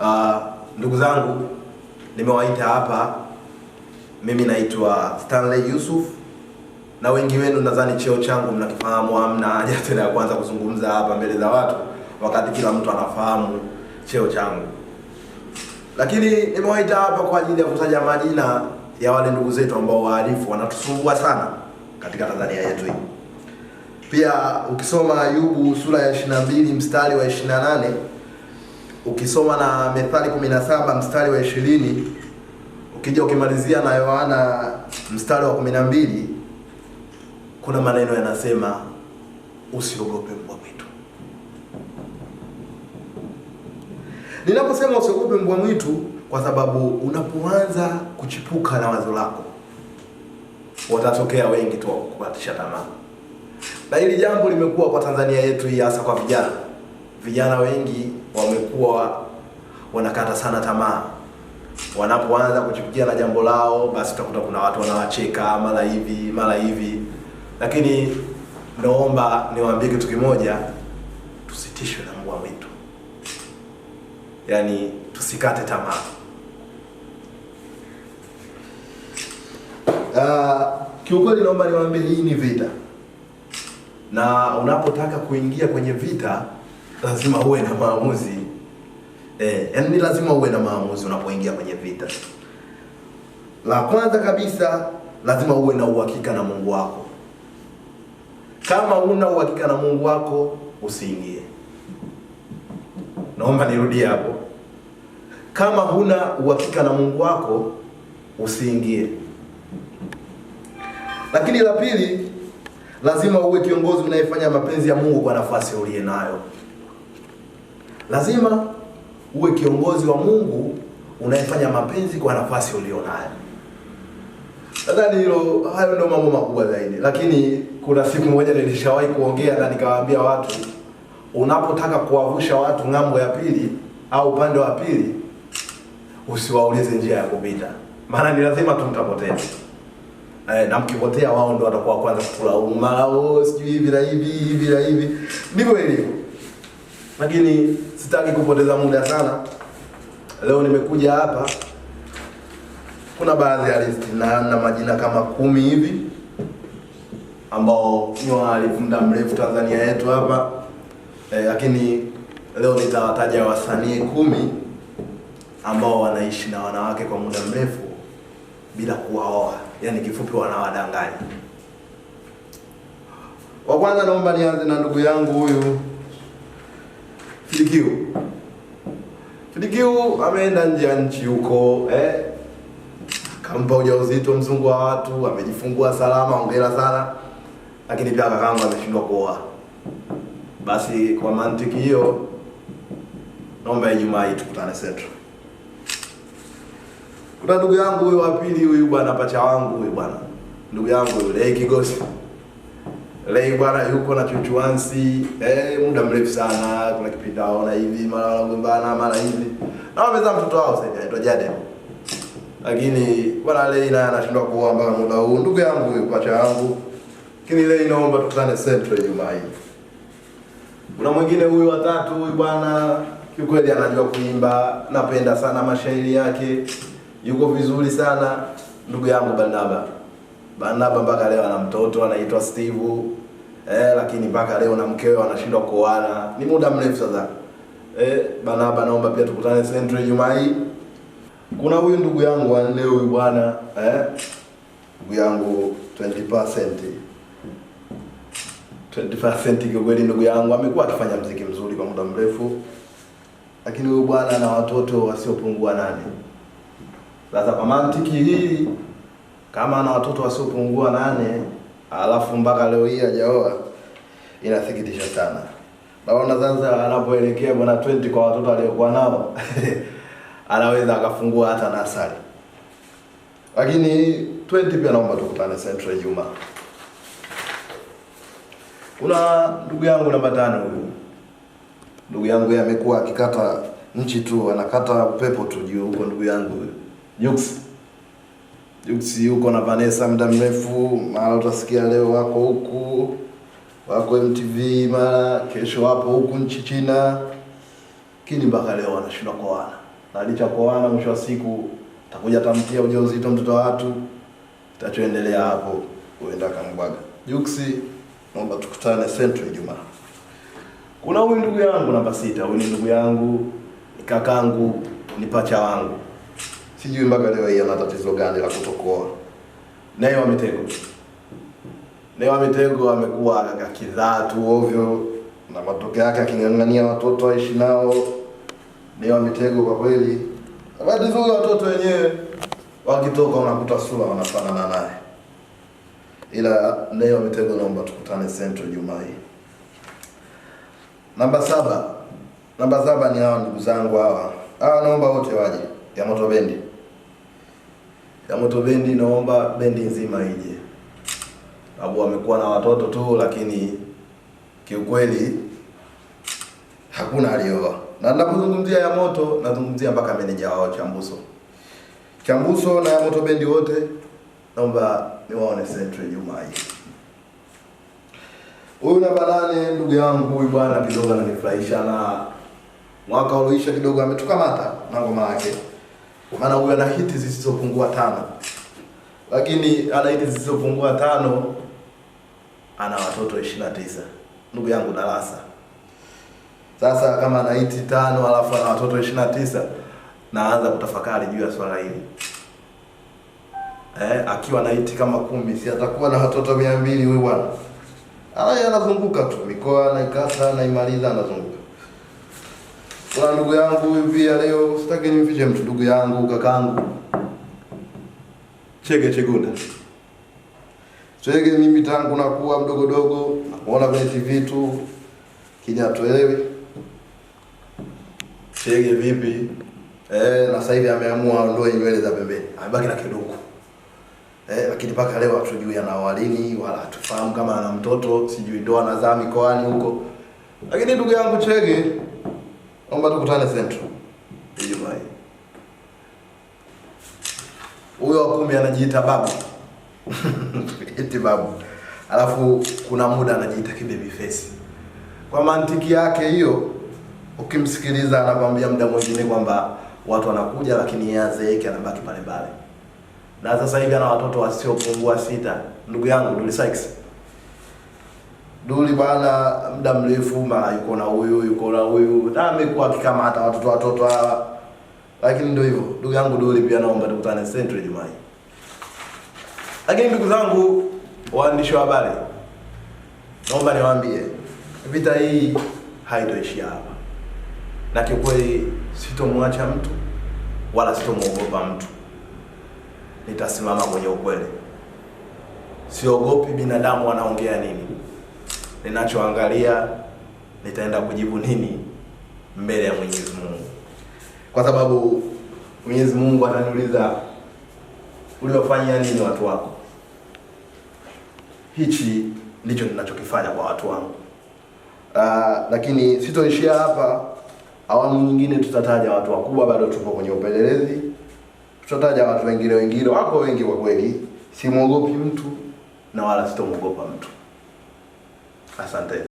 Uh, ndugu zangu nimewaita hapa. Mimi naitwa Stanley Yusuf na wengi wenu nadhani cheo changu mnakifahamu, hamna haja tena ya kuanza kuzungumza hapa mbele za watu wakati kila mtu anafahamu cheo changu, lakini nimewaita hapa kwa ajili ya kutaja majina ya wale ndugu zetu ambao waarifu wanatusumbua sana katika Tanzania yetu hii. Pia ukisoma Ayubu sura ya 22 mstari wa 28 ukisoma na Methali 17 mstari wa ishirini ukija ukimalizia na Yohana mstari wa 12 kuna maneno yanasema usiogope mbwa mwitu. Ninaposema usiogope mbwa mwitu, kwa sababu unapoanza kuchipuka na wazo lako, watatokea wengi tu wakukatisha tamaa, na hili jambo limekuwa kwa Tanzania yetu hii, hasa kwa vijana vijana wengi wamekuwa wanakata sana tamaa wanapoanza kuchukia na jambo lao, basi utakuta kuna watu wanawacheka mara hivi mara hivi, lakini naomba niwaambie kitu kimoja, tusitishwe na mbwa mwitu, yaani tusikate tamaa. Uh, kiukweli naomba niwaambie hii ni vita, na unapotaka kuingia kwenye vita lazima uwe na maamuzi eh, yani ni lazima uwe na maamuzi unapoingia kwenye vita. La kwanza kabisa, lazima uwe na uhakika na Mungu wako. Kama una uhakika na Mungu wako usiingie. Naomba nirudie hapo. Kama huna uhakika na Mungu wako usiingie. Lakini la pili, lazima uwe kiongozi unayefanya mapenzi ya Mungu kwa nafasi uliye nayo. Lazima uwe kiongozi wa Mungu unayefanya mapenzi kwa nafasi ulionayo. Nadhani hilo, hayo ndio mambo makubwa zaidi. Lakini kuna siku moja nilishawahi kuongea na nikawaambia watu, unapotaka kuwavusha watu ng'ambo ya pili au upande wa pili, usiwaulize njia ya kupita, maana ni lazima tumtapotea Eh, na mkipotea wao ndio watakuwa kwanza kukulaumu, oh, sijui hivi na hivi hivi na hivi. Ndivyo ilivyo lakini sitaki kupoteza muda sana. Leo nimekuja hapa, kuna baadhi ya list na na majina kama kumi hivi ambao ni wahalifu muda mrefu Tanzania yetu hapa e, lakini leo nitawataja wasanii kumi ambao wanaishi na wanawake kwa muda mrefu bila kuwaoa, yaani kifupi wanawadanganya. Kwa kwanza, naomba nianze na ndugu yangu huyu Filikiu. Filikiu ameenda nje ya nchi huko eh, kampa ujauzito mzungu wa watu, amejifungua salama, ongera sana, lakini pia kakangu ameshindwa kuoa. Basi kwa mantiki hiyo, naomba Ijumaa hii tukutane Setu. Kuna ndugu yangu huyo wa pili huyu bwana, pacha wangu huyu bwana, ndugu yangu yule Kigosi Lei bwana yuko na chuchuansi eh, muda mrefu sana, kuna kipindi aona hivi mara wanagombana mara hivi na wameza mtoto wao sasa anaitwa Jade, lakini bwana Lei naye anashindwa kuomba muda huu. Ndugu yangu huyu pacha yangu, lakini Lei naomba tukutane Central Ijumaa hii. Kuna mwingine huyu wa tatu huyu bwana, kiukweli anajua kuimba, napenda sana mashairi yake, yuko vizuri sana ndugu yangu Barnaba. Barnaba mpaka leo ana mtoto anaitwa Steve eh, lakini mpaka leo na mkewe wanashindwa kuoana, ni muda mrefu sasa. Eh, bana hapa, naomba pia tukutane Central Jumaa hii. Kuna huyu ndugu yangu wa leo huyu bwana eh, ndugu yangu 20% 20% kwa kweli, ndugu yangu amekuwa akifanya mziki mzuri kwa muda mrefu, lakini huyu bwana na watoto wasiopungua nane. Sasa kwa mantiki hii, kama ana watoto wasiopungua nane alafu mpaka leo hii hajaoa, inasikitisha sana. Naona sasa anapoelekea bwana 20 kwa watoto aliyokuwa nao anaweza akafungua hata nasari, lakini 20 pia naomba tukutane Central Juma. Kuna ndugu yangu namba tano huyu ndugu yangu amekuwa akikata nchi tu, anakata upepo tu juu huko, ndugu yangu Jux Juksi yuko na Vanessa muda mrefu, mara utasikia leo wako huku wako MTV, mara kesho wapo huku nchi China, lakini mpaka leo wanashindwa kuoana, na licha kuoana, mwisho wa siku takuja tamtia ujauzito mtoto wa watu. Tachoendelea hapo huenda kambwaga. Juksi, naomba tukutane Central Ijumaa. Kuna huyu ndugu yangu namba sita, huyu ni ndugu yangu, ni kakangu, ni pacha wangu Sijui mpaka leo hii ana tatizo gani la kutokoa. Naye wametegwa Naye wametegwa, amekuwa akidhaa tu ovyo na matokeo yake aking'ang'ania watoto aishi nao. Naye wametegwa kwa kweli. Habari nzuri, watoto wenyewe wakitoka wanakuta sura wanafanana naye, ila Naye wametegwa, naomba tukutane Central Jumaa hii. Namba saba, namba saba ni hawa ndugu zangu hawa hawa, naomba wote waje ya moto bendi ya moto bendi, naomba bendi nzima ije, sababu amekuwa na watoto tu, lakini kiukweli hakuna alioa. Na ninapozungumzia ya moto nazungumzia mpaka meneja wao Chambuso, Chambuso na ya moto bendi wote naomba niwaone Central Jumaa hii. Huyu namba nane, ndugu yangu huyu bwana kidogo ananifurahisha, na mwaka ulioisha kidogo ametukamata na ngoma yake maana huyu ana hiti zisizopungua tano, lakini ana hiti zisizopungua tano, ana watoto 29. tisa ndugu yangu darasa. Sasa kama ana hiti tano alafu ana watoto 29, tisa naanza kutafakari juu ya swala hili eh, akiwa na hiti kama kumi si atakuwa na watoto mia mbili huyu bwana. Anazunguka tu mikoa anaikata, anaimaliza, anazunguka kuna ndugu yangu huyu pia leo, sitaki nimfiche mtu, ndugu yangu kakangu Chege Chegunda Chege. Mimi tangu nakuwa mdogo dogo nakuona kwenye TV tu, kijatoelewi Chege vipi? Eh, na sasa hivi ameamua ondoe nywele za pembeni, amebaki na kiduku eh, lakini paka leo hatujui anaoa lini, wala hatufahamu kama ana mtoto, sijui ndoa anazaa mikoani huko, lakini ndugu yangu Chege naomba tukutane Central Ijumaa. Huyo wa kumi anajiita babu eti babu, alafu kuna muda anajiita kibaby face. Kwa mantiki yake hiyo, ukimsikiliza anakwambia muda mwingine kwamba watu wanakuja, lakini yeye azeeke anabaki pale pale, na sasa hivi ana watoto wasiopungua sita. Ndugu yangu Dully Sykes Duli bana muda mrefu, mara yuko na huyu yuko na huyu, na amekuwa akikamata watoto watoto hawa, lakini ndio hivyo. Ndugu yangu Duli, pia naomba tukutane Central Jumai. Lakini ndugu zangu waandishi wa habari, naomba niwaambie vita hii haitoishia hapa, na kiukweli sitomwacha mtu wala sitomwogopa mtu. Nitasimama kwenye ukweli, siogopi binadamu wanaongea nini ninachoangalia nitaenda kujibu nini mbele ya Mwenyezi Mungu, kwa sababu Mwenyezi Mungu ananiuliza uliofanya nini watu wako? Hichi ndicho ninachokifanya kwa watu wangu. Uh, lakini sitoishia hapa. Awamu nyingine tutataja watu wakubwa, bado tupo kwenye upelelezi. Tutataja watu wengine, wengine wako wengi kwa kweli. Simwogopi mtu na wala sitomwogopa mtu. bastante